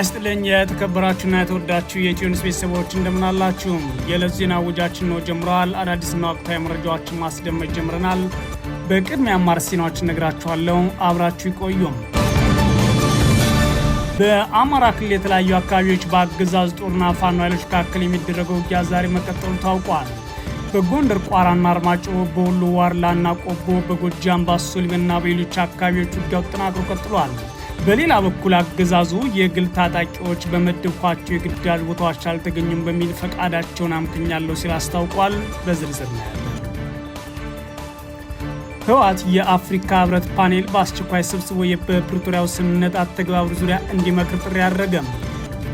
ይስጥልኝ የተከበራችሁና የተወዳችሁ የኢትዮኒውስ ቤተሰቦች እንደምናላችሁ። የዕለት ዜና ውጃችን ነው ጀምረዋል። አዳዲስና ወቅታዊ መረጃዎችን ማስደመጥ ጀምረናል። በቅድሚያ አማር ዜናዎችን ነግራችኋለሁ። አብራችሁ ይቆዩም። በአማራ ክልል የተለያዩ አካባቢዎች በአገዛዝ ጦርና ፋኖ ኃይሎች መካከል የሚደረገው ውጊያ ዛሬ መቀጠሉ ታውቋል። በጎንደር ቋራና አርማጮ በወሎ ዋርላና ቆቦ፣ በጎጃም ባሶሊምና በሌሎች አካባቢዎች ውጊያው ተጠናክሮ ቀጥሏል። በሌላ በኩል አገዛዙ የግል ታጣቂዎች በመደብኳቸው የግዳጅ ቦታዎች አልተገኙም በሚል ፈቃዳቸውን አምክኛለሁ ሲል አስታውቋል። በዝርዝር ነው ህወሓት የአፍሪካ ህብረት ፓኔል በአስቸኳይ ሰብስቦ በፕሪቶሪያው ስምምነት አተገባበር ዙሪያ እንዲመክር ጥሪ አደረገም።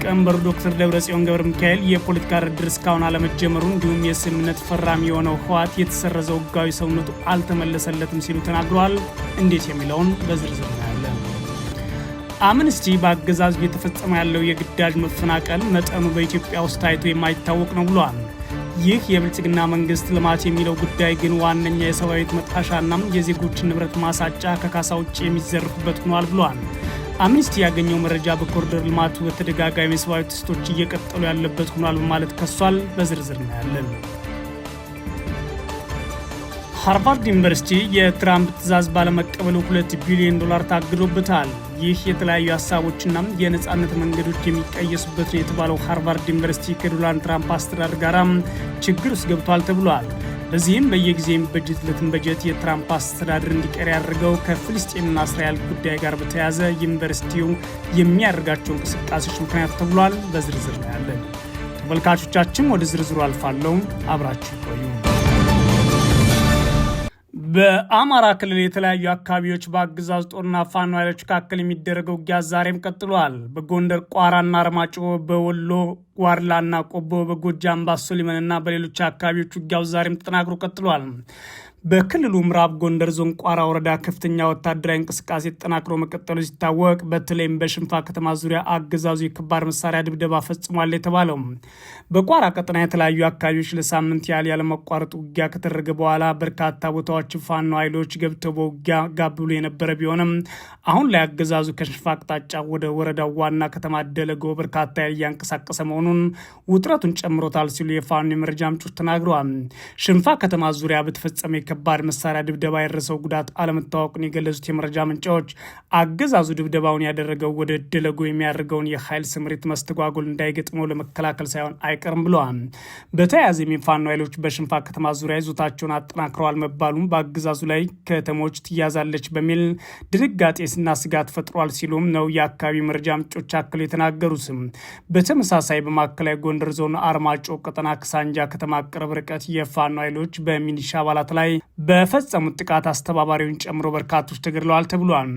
ሊቀመንበሩ ዶክተር ደብረጽዮን ገብረ ሚካኤል የፖለቲካ ድርድር እስካሁን አለመጀመሩ እንዲሁም የስምምነት ፈራሚ የሆነው ህወሓት የተሰረዘው ህጋዊ ሰውነቱ አልተመለሰለትም ሲሉ ተናግረዋል። እንዴት የሚለውን በዝርዝር እናያለን። አምንስቲ በአገዛዙ እየተፈጸመ ያለው የግዳጅ መፈናቀል መጠኑ በኢትዮጵያ ውስጥ ታይቶ የማይታወቅ ነው ብሏል። ይህ የብልጽግና መንግስት ልማት የሚለው ጉዳይ ግን ዋነኛ የሰብአዊት መጣሻና የዜጎችን ንብረት ማሳጫ ከካሳ ውጭ የሚዘርፉበት ሆኗል ብሏል። አምኒስቲ ያገኘው መረጃ በኮሪደር ልማቱ በተደጋጋሚ ሰብአዊ ጥሰቶች እየቀጠሉ ያለበት ሆኗል በማለት ከሷል። በዝርዝር እናያለን። ሃርቫርድ ዩኒቨርሲቲ የትራምፕ ትዕዛዝ ባለመቀበሉ ሁለት ቢሊዮን ዶላር ታግዶበታል። ይህ የተለያዩ ሀሳቦችና የነፃነት መንገዶች የሚቀየሱበት ነው የተባለው ሃርቫርድ ዩኒቨርሲቲ ከዶናልድ ትራምፕ አስተዳደር ጋራ ችግር ውስጥ ገብቷል ተብሏል። በዚህም በየጊዜም ለትን በጀት የትራምፕ አስተዳደር እንዲቀር ያደርገው ከፍልስጤምና እስራኤል ጉዳይ ጋር በተያያዘ ዩኒቨርሲቲው የሚያደርጋቸው እንቅስቃሴዎች ምክንያት ተብሏል። በዝርዝር ነው ያለን። ተመልካቾቻችን ወደ ዝርዝሩ አልፋለሁ። አብራችሁ ቆዩ። በአማራ ክልል የተለያዩ አካባቢዎች በአገዛዝ ጦርና ፋኖ ኃይሎች መካከል የሚደረገው ውጊያ ዛሬም ቀጥሏል። በጎንደር ቋራና አርማጭሆ፣ በወሎ ዋርላና ቆቦ፣ በጎጃም ባሶ ሊበንና በሌሎች አካባቢዎች ውጊያው ዛሬም ተጠናክሮ ቀጥሏል። በክልሉ ምዕራብ ጎንደር ዞን ቋራ ወረዳ ከፍተኛ ወታደራዊ እንቅስቃሴ ተጠናክሮ መቀጠሉ ሲታወቅ በተለይም በሽንፋ ከተማ ዙሪያ አገዛዙ የከባድ መሳሪያ ድብደባ ፈጽሟል የተባለው በቋራ ቀጠና የተለያዩ አካባቢዎች ለሳምንት ያህል ያለመቋረጥ ውጊያ ከተደረገ በኋላ በርካታ ቦታዎች ፋኖ ኃይሎች ገብተው በውጊያ ጋብሎ የነበረ ቢሆንም አሁን ላይ አገዛዙ ከሽንፋ አቅጣጫ ወደ ወረዳው ዋና ከተማ ደለጎ በርካታ እያንቀሳቀሰ መሆኑን ውጥረቱን ጨምሮታል ሲሉ የፋኖ የመረጃ ምንጮች ተናግረዋል። ሽንፋ ከተማ ዙሪያ በተፈጸመ የከባድ መሳሪያ ድብደባ የደረሰው ጉዳት አለመታወቁን የገለጹት የመረጃ ምንጫዎች አገዛዙ ድብደባውን ያደረገው ወደ ደለጎ የሚያደርገውን የኃይል ስምሪት መስተጓጎል እንዳይገጥመው ለመከላከል ሳይሆን አይ አይቀርም ብለዋል። በተያያዘ የፋኖ ኃይሎች በሽንፋ ከተማ ዙሪያ ይዞታቸውን አጠናክረዋል መባሉም በአገዛዙ ላይ ከተሞች ትያዛለች በሚል ድንጋጤና ስጋት ፈጥሯል ሲሉም ነው የአካባቢ መረጃ ምንጮች አክል የተናገሩትም። በተመሳሳይ በማዕከላዊ ጎንደር ዞን አርማጮ ቀጠና ክሳንጃ ከተማ ቅርብ ርቀት የፋኖ ኃይሎች በሚኒሻ አባላት ላይ በፈጸሙት ጥቃት አስተባባሪውን ጨምሮ በርካቶች ተገድለዋል ተብሏል።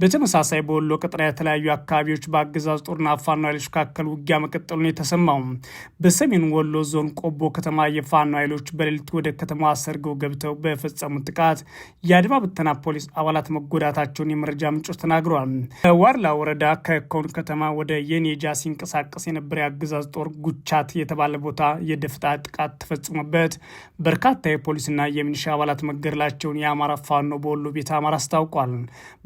በተመሳሳይ በወሎ ቀጠና የተለያዩ አካባቢዎች በአገዛዝ ጦርና ፋኖ ኃይሎች መካከል ውጊያ መቀጠሉን የተሰማው በሰሜን ወሎ ዞን ቆቦ ከተማ የፋኖ ኃይሎች በሌሊት ወደ ከተማዋ ሰርገው ገብተው በፈጸሙት ጥቃት የአድማ ብተና ፖሊስ አባላት መጎዳታቸውን የመረጃ ምንጮች ተናግረዋል። ከዋርላ ወረዳ ከኮን ከተማ ወደ የኔጃ ሲንቀሳቀስ የነበረ የአገዛዝ ጦር ጉቻት የተባለ ቦታ የደፍጣ ጥቃት ተፈጽሞበት በርካታ የፖሊስና የሚኒሻ አባላት መገደላቸውን የአማራ ፋኖ በወሎ ቤተ አማራ አስታውቋል።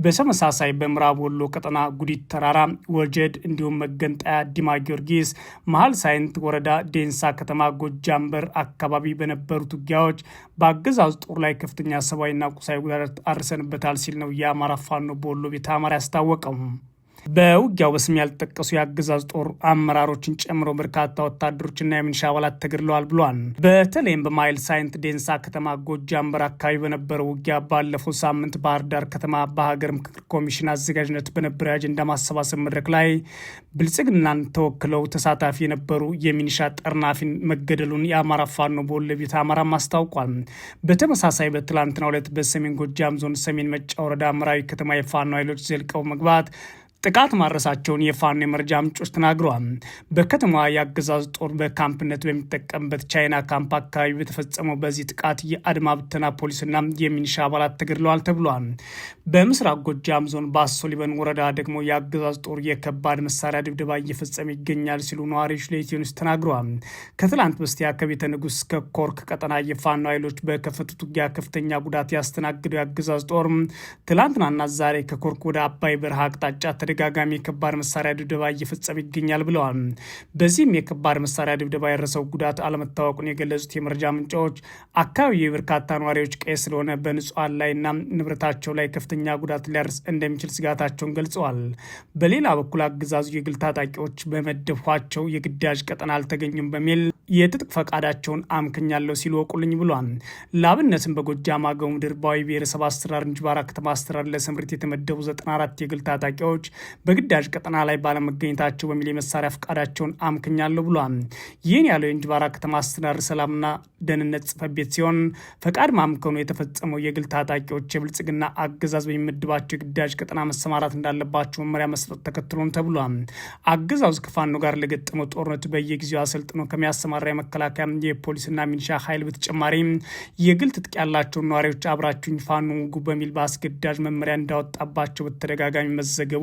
በተመሳሳይ በምዕራብ ወሎ ቀጠና ጉዲት ተራራ፣ ወጀድ እንዲሁም መገንጠያ ዲማ ጊዮርጊስ፣ መሀል ሳይንት ወረዳ ወረዳ ዴንሳ ከተማ ጎጃም በር አካባቢ በነበሩት ውጊያዎች በአገዛዝ ጦር ላይ ከፍተኛ ሰብአዊና ቁሳዊ ጉዳት አድርሰንበታል ሲል ነው የአማራ ፋኖ በወሎ ቤተ አማራ ያስታወቀው። በውጊያው በስም ያልጠቀሱ የአገዛዝ ጦር አመራሮችን ጨምሮ በርካታ ወታደሮችና የሚኒሻ አባላት ተገድለዋል ብሏል። በተለይም በማይል ሳይንት ዴንሳ ከተማ ጎጃም በር አካባቢ በነበረው ውጊያ ባለፈው ሳምንት ባህር ዳር ከተማ በሀገር ምክክር ኮሚሽን አዘጋጅነት በነበረው የአጀንዳ ማሰባሰብ መድረክ ላይ ብልጽግናን ተወክለው ተሳታፊ የነበሩ የሚኒሻ ጠርናፊን መገደሉን የአማራ ፋኖ በወለቤት አማራም አስታውቋል። በተመሳሳይ በትላንትናው ዕለት በሰሜን ጎጃም ዞን ሰሜን መጫ ወረዳ አምራዊ ከተማ የፋኖ ኃይሎች ዘልቀው መግባት ጥቃት ማድረሳቸውን የፋኖ የመረጃ ምንጮች ተናግረዋል። በከተማዋ የአገዛዝ ጦር በካምፕነት በሚጠቀምበት ቻይና ካምፕ አካባቢ በተፈጸመው በዚህ ጥቃት የአድማ ብተና ፖሊስና የሚኒሻ አባላት ተገድለዋል ተብሏል። በምስራቅ ጎጃም ዞን በአሶ ሊበን ወረዳ ደግሞ የአገዛዝ ጦር የከባድ መሳሪያ ድብደባ እየፈጸመ ይገኛል ሲሉ ነዋሪዎች ለኢትዮ ኒውስ ተናግረዋል። ከትላንት በስቲያ ከቤተ ንጉሥ ከኮርክ ቀጠና የፋኖ ኃይሎች በከፈቱት ውጊያ ከፍተኛ ጉዳት ያስተናግደው የአገዛዝ ጦር ትላንትናና ዛሬ ከኮርክ ወደ አባይ በረሃ አቅጣጫ በተደጋጋሚ የከባድ መሳሪያ ድብደባ እየፈጸመ ይገኛል ብለዋል። በዚህም የከባድ መሳሪያ ድብደባ የደረሰው ጉዳት አለመታወቁን የገለጹት የመረጃ ምንጫዎች አካባቢው በርካታ ነዋሪዎች ቀይ ስለሆነ በንጹሐን ላይና ንብረታቸው ላይ ከፍተኛ ጉዳት ሊያደርስ እንደሚችል ስጋታቸውን ገልጸዋል። በሌላ በኩል አገዛዙ የግል ታጣቂዎች በመደፏቸው የግዳጅ ቀጠና አልተገኙም በሚል የትጥቅ ፈቃዳቸውን አምክኛለሁ ሲሉ ወቁልኝ ብሏል። ለአብነትም በጎጃም አገው ምድር ባዊ ብሔረሰብ አስተዳደር እንጅባራ ከተማ አስተዳደር ለስምሪት የተመደቡ 94 የግል ታጣቂዎች በግዳጅ ቀጠና ላይ ባለመገኘታቸው በሚል የመሳሪያ ፈቃዳቸውን አምክኛለሁ ብሏል። ይህን ያለው የእንጅባራ ከተማ አስተዳደር ሰላምና ደህንነት ጽሕፈት ቤት ሲሆን ፈቃድ ማምከኑ የተፈጸመው የግል ታጣቂዎች የብልጽግና አገዛዝ በሚመድባቸው የግዳጅ ቀጠና መሰማራት እንዳለባቸው መመሪያ መስጠት ተከትሎም ተብሏል። አገዛዙ ከፋኖ ጋር ለገጠመው ጦርነት በየጊዜው አሰልጥኖ ከሚያሰማራ የመከላከያ የፖሊስና ሚኒሻ ኃይል በተጨማሪ የግል ትጥቅ ያላቸውን ነዋሪዎች አብራችሁኝ ፋኖ ውጉ በሚል በአስገዳጅ መመሪያ እንዳወጣባቸው በተደጋጋሚ መዘገቡ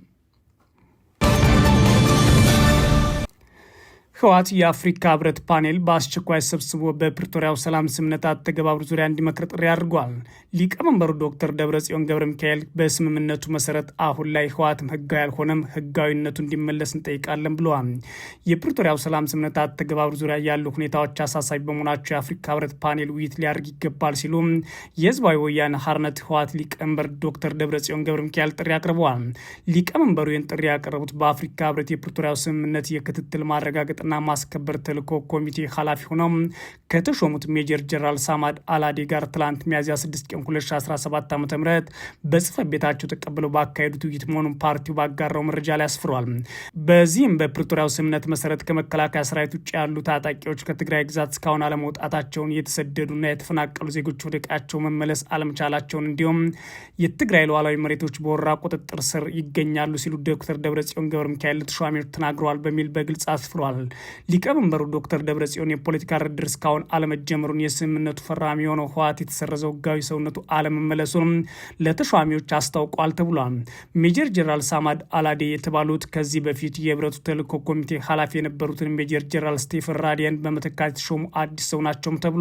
ህወሓት የአፍሪካ ህብረት ፓኔል በአስቸኳይ ሰብስቦ በፕሪቶሪያው ሰላም ስምምነት አተገባበር ዙሪያ እንዲመክር ጥሪ አድርጓል። ሊቀመንበሩ ዶክተር ደብረጽዮን ገብረ ሚካኤል በስምምነቱ መሰረት አሁን ላይ ህወሓትም ህጋዊ ያልሆነም ህጋዊነቱ እንዲመለስ እንጠይቃለን ብለዋል። የፕሪቶሪያው ሰላም ስምምነት አተገባበር ዙሪያ ያሉ ሁኔታዎች አሳሳቢ በመሆናቸው የአፍሪካ ህብረት ፓኔል ውይይት ሊያደርግ ይገባል ሲሉ የህዝባዊ ወያነ ሀርነት ህወሓት ሊቀመንበር ዶክተር ደብረጽዮን ገብረ ሚካኤል ጥሪ አቅርበዋል። ሊቀመንበሩ ይህን ጥሪ ያቀረቡት በአፍሪካ ህብረት የፕሪቶሪያው ስምምነት የክትትል ማረጋገጥ የጸጥታና ማስከበር ተልዕኮ ኮሚቴ ኃላፊ ሆነው ከተሾሙት ሜጀር ጀነራል ሳማድ አላዴ ጋር ትላንት ሚያዝያ 6 ቀን 2017 ዓ ም በጽህፈት ቤታቸው ተቀብለው ባካሄዱት ውይይት መሆኑን ፓርቲው ባጋራው መረጃ ላይ አስፍሯል። በዚህም በፕሪቶሪያው ስምምነት መሰረት ከመከላከያ ሰራዊት ውጭ ያሉ ታጣቂዎች ከትግራይ ግዛት እስካሁን አለመውጣታቸውን የተሰደዱና የተፈናቀሉ ዜጎች ወደ ቀያቸው መመለስ አለመቻላቸውን እንዲሁም የትግራይ ሉዓላዊ መሬቶች በወረራ ቁጥጥር ስር ይገኛሉ ሲሉ ዶክተር ደብረጽዮን ገብረ ሚካኤል ተሿሚዎች ተናግረዋል በሚል በግልጽ አስፍሯል። ሊቀመንበሩ ዶክተር ደብረጽዮን የፖለቲካ ድርድር እስካሁን አለመጀመሩን፣ የስምምነቱ ፈራሚ የሆነው ህወሓት የተሰረዘው ህጋዊ ሰውነቱ አለመመለሱን ለተሿሚዎች አስታውቋል ተብሏል። ሜጀር ጀነራል ሳማድ አላዴ የተባሉት ከዚህ በፊት የህብረቱ ተልእኮ ኮሚቴ ኃላፊ የነበሩትን ሜጀር ጀነራል ስቴፈን ራዲያን በመተካት የተሾሙ አዲስ ሰው ናቸውም ተብሏል።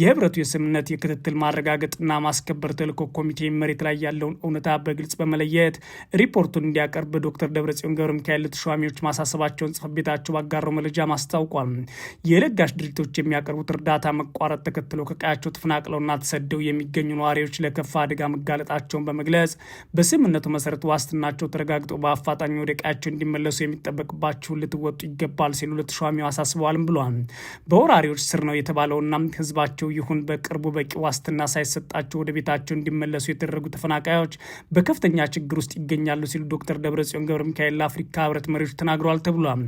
የህብረቱ የስምምነት የክትትል ማረጋገጥና ማስከበር ተልእኮ ኮሚቴ መሬት ላይ ያለውን እውነታ በግልጽ በመለየት ሪፖርቱን እንዲያቀርብ ዶክተር ደብረጽዮን ገብረ ሚካኤል ለተሿሚዎች ማሳሰባቸውን ጽፈት ቤታቸው ባጋራ ያጠናቀረው መረጃም አስታውቋል። የለጋሽ ድርጅቶች የሚያቀርቡት እርዳታ መቋረጥ ተከትሎ ከቀያቸው ተፈናቅለውና ተሰደው የሚገኙ ነዋሪዎች ለከፋ አደጋ መጋለጣቸውን በመግለጽ በስምምነቱ መሰረት ዋስትናቸው ተረጋግጦ በአፋጣኝ ወደ ቀያቸው እንዲመለሱ የሚጠበቅባቸውን ልትወጡ ይገባል ሲሉ ለተሿሚው አሳስበዋልም ብሏል። በወራሪዎች ስር ነው የተባለውና ህዝባቸው ይሁን በቅርቡ በቂ ዋስትና ሳይሰጣቸው ወደ ቤታቸው እንዲመለሱ የተደረጉ ተፈናቃዮች በከፍተኛ ችግር ውስጥ ይገኛሉ ሲሉ ዶክተር ደብረጽዮን ገብረ ሚካኤል ለአፍሪካ ህብረት መሪዎች ተናግረዋል ተብሏል።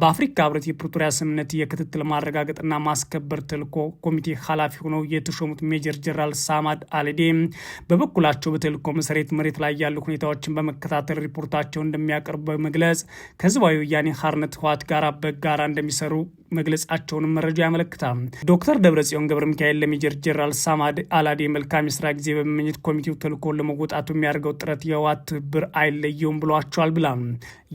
በአፍሪካ ህብረት የፕሪቶሪያ ስምምነት የክትትል ማረጋገጥና ማስከበር ተልዕኮ ኮሚቴ ኃላፊ ሆነው የተሾሙት ሜጀር ጀነራል ሳማድ አልዴ በበኩላቸው በተልዕኮ መሰረት መሬት ላይ ያሉ ሁኔታዎችን በመከታተል ሪፖርታቸውን እንደሚያቀርቡ በመግለጽ ከህዝባዊ ወያኔ ሀርነት ህወሓት ጋር በጋራ እንደሚሰሩ መግለጻቸውንም መረጃ ያመለክታል። ዶክተር ደብረጽዮን ገብረ ሚካኤል ለሜጀር ጀነራል ሳማድ አላዴ መልካም የስራ ጊዜ በመመኘት ኮሚቴው ተልዕኮውን ለመወጣቱ የሚያደርገው ጥረት የህወሓት ትብብር አይለየውም ብሏቸዋል ብላል።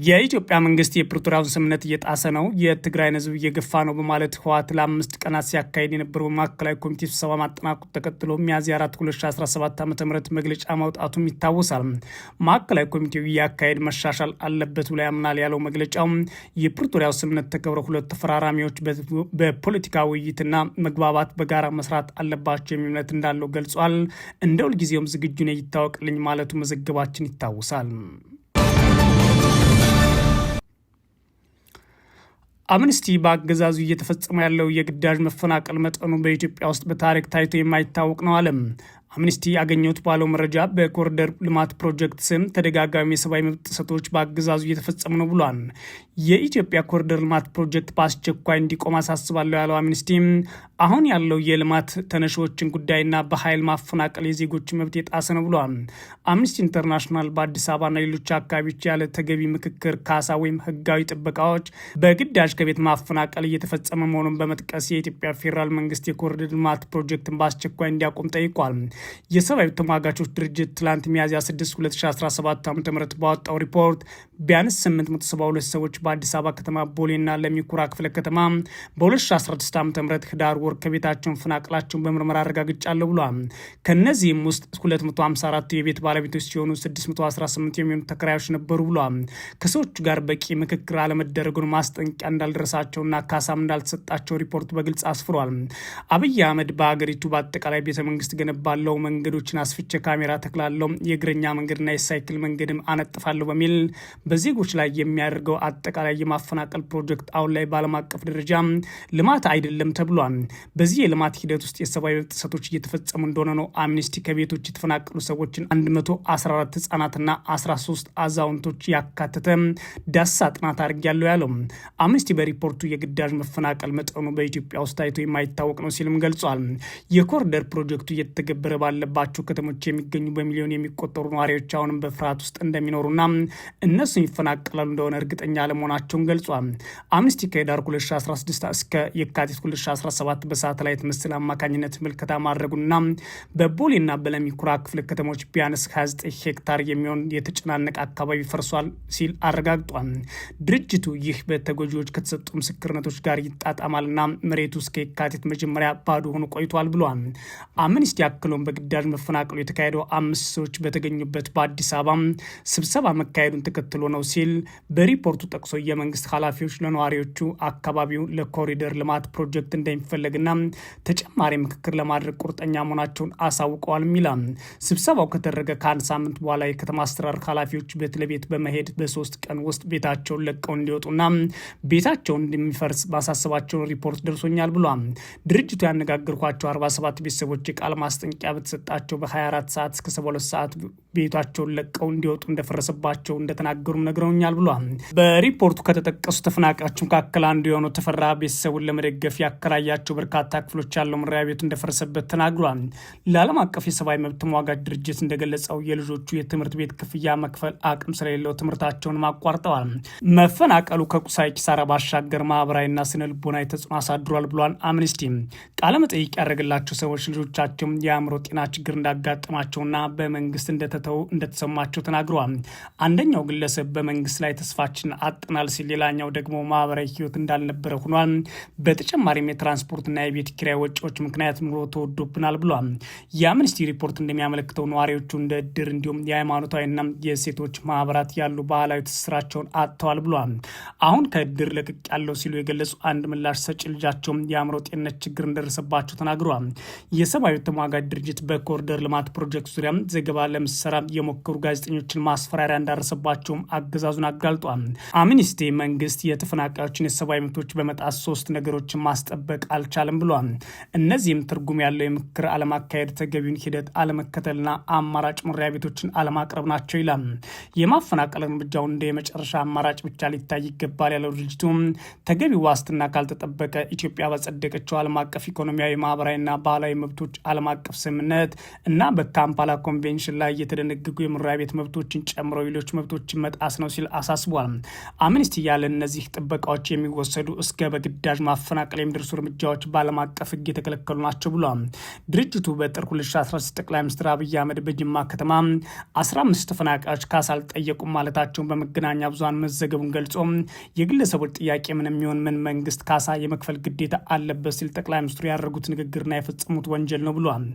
የኢትዮጵያ መንግስት የፕሪቶሪያውን ስምምነት እየጣሰ ነው የትግራይን ህዝብ እየገፋ ነው በማለት ህወሓት ለአምስት ቀናት ሲያካሄድ የነበረው ማዕከላዊ ኮሚቴ ስብሰባ ማጠናቀቁን ተከትሎ ሚያዝያ 4 2017 ዓ ም መግለጫ ማውጣቱም ይታወሳል። ማዕከላዊ ኮሚቴው እያካሄድ መሻሻል አለበት ብሎ ያምናል ያለው መግለጫው የፕሪቶሪያው ስምምነት ተከብረው ሁለት ተፈራራሚዎች በፖለቲካ ውይይትና መግባባት በጋራ መስራት አለባቸው የሚል እምነት እንዳለው ገልጿል። እንደ ሁልጊዜውም ዝግጁ ነኝ ይታወቅልኝ ማለቱ መዘገባችን ይታወሳል። አምነስቲ በአገዛዙ እየተፈጸመ ያለው የግዳጅ መፈናቀል መጠኑ በኢትዮጵያ ውስጥ በታሪክ ታይቶ የማይታወቅ ነው አለም። አምኒስቲ ያገኘሁት ባለው መረጃ በኮሪደር ልማት ፕሮጀክት ስም ተደጋጋሚ የሰብአዊ መብት ጥሰቶች በአገዛዙ እየተፈጸሙ ነው ብሏል። የኢትዮጵያ ኮሪደር ልማት ፕሮጀክት በአስቸኳይ እንዲቆም አሳስባለሁ ያለው አምኒስቲ አሁን ያለው የልማት ተነሺዎችን ጉዳይና በኃይል ማፈናቀል የዜጎች መብት የጣሰ ነው ብሏል። አምኒስቲ ኢንተርናሽናል በአዲስ አበባና ሌሎች አካባቢዎች ያለ ተገቢ ምክክር፣ ካሳ ወይም ህጋዊ ጥበቃዎች በግዳጅ ከቤት ማፈናቀል እየተፈጸመ መሆኑን በመጥቀስ የኢትዮጵያ ፌዴራል መንግስት የኮሪደር ልማት ፕሮጀክትን በአስቸኳይ እንዲያቆም ጠይቋል። የሰብአዊ ተሟጋቾች ድርጅት ትላንት ሚያዝያ 6 2017 ዓ ም ባወጣው ሪፖርት ቢያንስ 872 ሰዎች በአዲስ አበባ ከተማ ቦሌና ለሚኩራ ክፍለ ከተማ በ2016 ዓ ም ህዳር ወር ከቤታቸውን ፈናቅላቸውን በምርመራ አረጋግጫለሁ ብሏል። ከእነዚህም ውስጥ 254 የቤት ባለቤቶች ሲሆኑ 618 የሚሆኑ ተከራዮች ነበሩ ብሏል። ከሰዎቹ ጋር በቂ ምክክር አለመደረጉን ማስጠንቀቂያ እንዳልደረሳቸውና ካሳም እንዳልተሰጣቸው ሪፖርቱ በግልጽ አስፍሯል። አብይ አህመድ በአገሪቱ በአጠቃላይ ቤተመንግስት ገነባለ አስፍራለው፣ መንገዶችን አስፍቼ ካሜራ ተክላለው፣ የእግረኛ መንገድና የሳይክል መንገድም አነጥፋለሁ በሚል በዜጎች ላይ የሚያደርገው አጠቃላይ የማፈናቀል ፕሮጀክት አሁን ላይ በዓለም አቀፍ ደረጃ ልማት አይደለም ተብሏል። በዚህ የልማት ሂደት ውስጥ የሰብአዊ መብት ጥሰቶች እየተፈጸሙ እንደሆነ ነው አምኒስቲ ከቤቶች የተፈናቀሉ ሰዎችን 114 ህጻናትና 13 አዛውንቶች ያካተተ ዳሳ ጥናት አድርጊያለሁ ያለው አምኒስቲ በሪፖርቱ የግዳጅ መፈናቀል መጠኑ በኢትዮጵያ ውስጥ ታይቶ የማይታወቅ ነው ሲልም ገልጿል። የኮሪደር ፕሮጀክቱ እየተገበረ ባለባቸው ከተሞች የሚገኙ በሚሊዮን የሚቆጠሩ ነዋሪዎች አሁንም በፍርሃት ውስጥ እንደሚኖሩና እነሱ ይፈናቀላሉ እንደሆነ እርግጠኛ አለመሆናቸውን ገልጿል። አምነስቲ ከህዳር 2016 እስከ የካቲት 2017 በሳተላይት ምስል አማካኝነት ምልከታ ማድረጉና በቦሌና በለሚኩራ ክፍለ ከተሞች ቢያንስ 29 ሄክታር የሚሆን የተጨናነቀ አካባቢ ፈርሷል ሲል አረጋግጧል። ድርጅቱ ይህ በተጎጂዎች ከተሰጡ ምስክርነቶች ጋር ይጣጣማልና መሬቱ እስከ የካቲት መጀመሪያ ባዶ ሆኖ ቆይቷል ብሏል። አምነስቲ አክሎም በግዳጅ መፈናቀሉ የተካሄደው አምስት ሰዎች በተገኙበት በአዲስ አበባ ስብሰባ መካሄዱን ተከትሎ ነው ሲል በሪፖርቱ ጠቅሶ የመንግስት ኃላፊዎች ለነዋሪዎቹ አካባቢው ለኮሪደር ልማት ፕሮጀክት እንደሚፈለግና ተጨማሪ ምክክር ለማድረግ ቁርጠኛ መሆናቸውን አሳውቀዋል ሚላ ስብሰባው ከተደረገ ከአንድ ሳምንት በኋላ የከተማ አስተዳደር ኃላፊዎች ቤት ለቤት በመሄድ በሶስት ቀን ውስጥ ቤታቸውን ለቀው እንዲወጡና ቤታቸውን እንደሚፈርስ ማሳሰባቸውን ሪፖርት ደርሶኛል ብሏል። ድርጅቱ ያነጋገርኳቸው 47 ቤተሰቦች የቃል ማስጠንቀቂያ በተሰጣቸው በ24 ሰዓት እስከ 72 ሰዓት ቤታቸውን ለቀው እንዲወጡ እንደፈረሰባቸው እንደተናገሩም ነግረውኛል ብሏል። በሪፖርቱ ከተጠቀሱ ተፈናቃዮች መካከል አንዱ የሆነው ተፈራ ቤተሰቡን ለመደገፍ ያከራያቸው በርካታ ክፍሎች ያለው መኖሪያ ቤቱ እንደፈረሰበት ተናግሯል። ለዓለም አቀፍ የሰብአዊ መብት ተሟጋጅ ድርጅት እንደገለጸው የልጆቹ የትምህርት ቤት ክፍያ መክፈል አቅም ስለሌለው ትምህርታቸውን አቋርጠዋል። መፈናቀሉ ከቁሳዊ ኪሳራ ባሻገር ማህበራዊና ስነ ልቦናዊ ተጽዕኖ አሳድሯል ብሏል። አምኒስቲ ቃለመጠይቅ ያደረገላቸው ሰዎች ልጆቻቸውም የአእምሮ የጤና ችግር እንዳጋጠማቸውና በመንግስት እንደተተው እንደተሰማቸው ተናግረዋል። አንደኛው ግለሰብ በመንግስት ላይ ተስፋችን አጥናል ሲል፣ ሌላኛው ደግሞ ማህበራዊ ህይወት እንዳልነበረ ሆኗል። በተጨማሪም የትራንስፖርትና የቤት ኪራይ ወጪዎች ምክንያት ኑሮ ተወዶብናል ብሏል። የአምነስቲ ሪፖርት እንደሚያመለክተው ነዋሪዎቹ እንደ እድር እንዲሁም የሃይማኖታዊና የሴቶች ማህበራት ያሉ ባህላዊ ትስስራቸውን አጥተዋል ብሏል። አሁን ከእድር ለቅቅ ያለው ሲሉ የገለጹ አንድ ምላሽ ሰጪ ልጃቸውም የአእምሮ ጤንነት ችግር እንደደረሰባቸው ተናግረዋል። የሰብአዊ ተሟጋጅ ድርጅት በፊት በኮሪደር ልማት ፕሮጀክት ዙሪያ ዘገባ ለምሰራ የሞከሩ ጋዜጠኞችን ማስፈራሪያ እንዳረሰባቸውም አገዛዙን አጋልጧል። አምኒስቲ መንግስት የተፈናቃዮችን የሰብአዊ መብቶች በመጣስ ሶስት ነገሮችን ማስጠበቅ አልቻለም ብሏል። እነዚህም ትርጉም ያለው የምክር አለማካሄድ፣ ተገቢውን ሂደት አለመከተልና አማራጭ መኖሪያ ቤቶችን አለማቅረብ ናቸው ይላል። የማፈናቀል እርምጃው እንደ የመጨረሻ አማራጭ ብቻ ሊታይ ይገባል ያለው ድርጅቱ ተገቢው ዋስትና ካልተጠበቀ ኢትዮጵያ በጸደቀችው ዓለም አቀፍ ኢኮኖሚያዊ፣ ማህበራዊና ባህላዊ መብቶች ዓለም አቀፍ ስምምነት ነጻነት እና በካምፓላ ኮንቬንሽን ላይ የተደነገጉ የመኖሪያ ቤት መብቶችን ጨምሮ ሌሎች መብቶችን መጣስ ነው ሲል አሳስቧል። አምኒስቲ ያለ እነዚህ ጥበቃዎች የሚወሰዱ እስከ በግዳጅ ማፈናቀል የሚደርሱ እርምጃዎች በዓለም አቀፍ ሕግ የተከለከሉ ናቸው ብሏል። ድርጅቱ በጥር 2016 ጠቅላይ ሚኒስትር አብይ አህመድ በጅማ ከተማ 15 ተፈናቃዮች ካሳ አልጠየቁም ማለታቸውን በመገናኛ ብዙሃን መዘገቡን ገልጾ የግለሰቦች ጥያቄ ምን የሚሆን ምን መንግስት ካሳ የመክፈል ግዴታ አለበት ሲል ጠቅላይ ሚኒስትሩ ያደረጉት ንግግርና የፈጸሙት ወንጀል ነው ብሏል።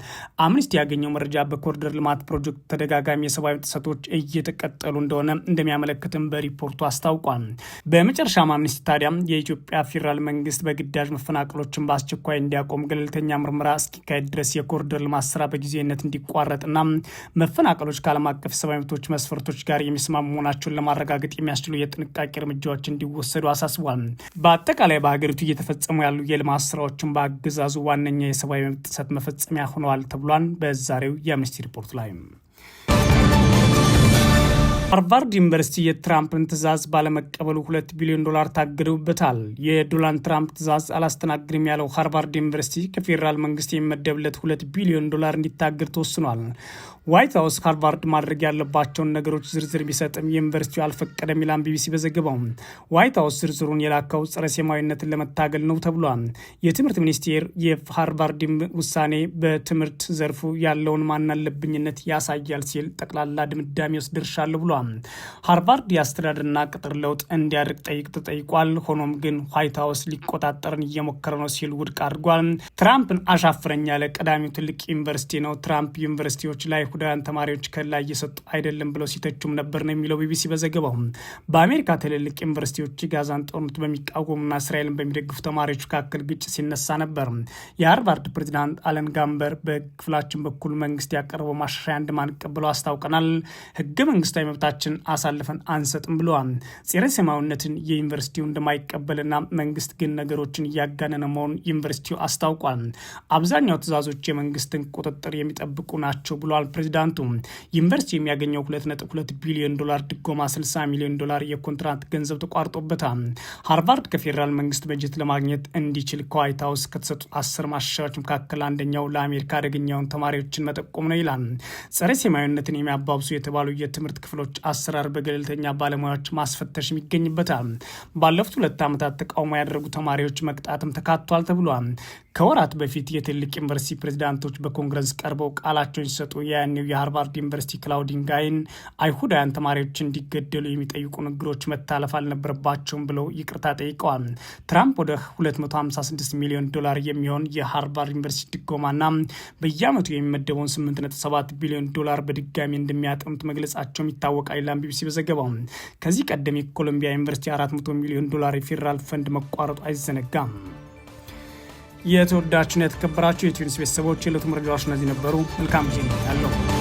አምኒስቲ ያገኘው መረጃ በኮሪደር ልማት ፕሮጀክት ተደጋጋሚ የሰብአዊ ጥሰቶች እየተቀጠሉ እንደሆነ እንደሚያመለክትም በሪፖርቱ አስታውቋል። በመጨረሻም አምኒስቲ ታዲያ የኢትዮጵያ ፌዴራል መንግስት በግዳጅ መፈናቀሎችን በአስቸኳይ እንዲያቆም ገለልተኛ ምርመራ እስኪካሄድ ድረስ የኮሪደር ልማት ስራ በጊዜነት እንዲቋረጥና መፈናቀሎች ከዓለም አቀፍ ሰብአዊ መብቶች መስፈርቶች ጋር የሚስማሙ መሆናቸውን ለማረጋገጥ የሚያስችሉ የጥንቃቄ እርምጃዎች እንዲወሰዱ አሳስቧል። በአጠቃላይ በሀገሪቱ እየተፈጸሙ ያሉ የልማት ስራዎችን በአገዛዙ ዋነኛ የሰብአዊ መብት ጥሰት መፈጸሚያ ሆነዋል ተብሏል። ተብሏል በዛሬው የአምነስቲ ሪፖርት ላይ ሃርቫርድ ዩኒቨርሲቲ የትራምፕን ትዕዛዝ ባለመቀበሉ ሁለት ቢሊዮን ዶላር ታግደውበታል። የዶናልድ ትራምፕ ትእዛዝ አላስተናግድም ያለው ሃርቫርድ ዩኒቨርሲቲ ከፌዴራል መንግስት የሚመደብለት ሁለት ቢሊዮን ዶላር እንዲታገድ ተወስኗል። ዋይት ሀውስ ሃርቫርድ ማድረግ ያለባቸውን ነገሮች ዝርዝር ቢሰጥም ዩኒቨርሲቲው አልፈቀደም ይላል ቢቢሲ በዘገባው። ዋይት ሀውስ ዝርዝሩን የላከው ጸረ ሴማዊነትን ለመታገል ነው ተብሏል። የትምህርት ሚኒስቴር የሃርቫርድ ውሳኔ በትምህርት ዘርፉ ያለውን ማናለብኝነት ያሳያል ሲል ጠቅላላ ድምዳሜ ውስጥ ደርሻለሁ ብሏል። ሃርቫርድ የአስተዳደርና ቅጥር ለውጥ እንዲያደርግ ጠይቅ ተጠይቋል። ሆኖም ግን ዋይት ሀውስ ሊቆጣጠርን እየሞከረ ነው ሲል ውድቅ አድርጓል። ትራምፕን አሻፍረኝ ያለ ቀዳሚው ትልቅ ዩኒቨርሲቲ ነው። ትራምፕ ዩኒቨርሲቲዎች ላይ ሁዳን ተማሪዎች ከላ እየሰጡ አይደለም ብለው ሲተቹም ነበር ነው የሚለው ቢቢሲ በዘገባው። በአሜሪካ ትልልቅ ዩኒቨርሲቲዎች የጋዛን ጦርነት በሚቃወሙና እስራኤልን በሚደግፉ ተማሪዎች መካከል ግጭት ሲነሳ ነበር። የሃርቫርድ ፕሬዚዳንት አለን ጋምበር በክፍላችን በኩል መንግስት ያቀረበው ማሻሻያ እንደማንቀበለው አስታውቀናል። ህገ መንግስታዊ መብት ለሁለታችን አሳልፈን አንሰጥም ብለዋል። ጸረ ሰማያዊነትን የዩኒቨርሲቲው እንደማይቀበልና መንግስት ግን ነገሮችን እያጋነነ መሆኑን ዩኒቨርሲቲው አስታውቋል። አብዛኛው ትእዛዞች የመንግስትን ቁጥጥር የሚጠብቁ ናቸው ብለዋል ፕሬዚዳንቱ። ዩኒቨርሲቲ የሚያገኘው 2.2 ቢሊዮን ዶላር ድጎማ 60 ሚሊዮን ዶላር የኮንትራት ገንዘብ ተቋርጦበታል። ሃርቫርድ ከፌዴራል መንግስት በጀት ለማግኘት እንዲችል ከዋይት ሀውስ ከተሰጡ አስር ማሻሻያዎች መካከል አንደኛው ለአሜሪካ አደገኛውን ተማሪዎችን መጠቆም ነው ይላል። ጸረ ሰማያዊነትን የሚያባብሱ የተባሉ የትምህርት ክፍሎች ጉዳዮች አሰራር በገለልተኛ ባለሙያዎች ማስፈተሽም ይገኝበታል። ባለፉት ሁለት ዓመታት ተቃውሞ ያደረጉ ተማሪዎች መቅጣትም ተካቷል ተብሏል። ከወራት በፊት የትልቅ ዩኒቨርሲቲ ፕሬዚዳንቶች በኮንግረስ ቀርበው ቃላቸውን ሲሰጡ የያኔው የሃርቫርድ ዩኒቨርሲቲ ክላውዲን ጋይን አይሁዳውያን ተማሪዎች እንዲገደሉ የሚጠይቁ ንግሮች መታለፍ አልነበረባቸውም ብለው ይቅርታ ጠይቀዋል። ትራምፕ ወደ 256 ሚሊዮን ዶላር የሚሆን የሃርቫርድ ዩኒቨርሲቲ ድጎማና በየዓመቱ የሚመደበውን 8.7 ቢሊዮን ዶላር በድጋሚ እንደሚያጠኑት መግለጻቸውም ይታወቃል። እንዳስታወቀ ሌላም ቢቢሲ በዘገባው ከዚህ ቀደም የኮሎምቢያ ዩኒቨርሲቲ 400 ሚሊዮን ዶላር የፌዴራል ፈንድ መቋረጡ አይዘነጋም። የተወዳችሁና የተከበራችሁ የኢትዮ ኒውስ ቤተሰቦች የዕለቱ መረጃዎች እነዚህ ነበሩ። መልካም ጊዜ ያለው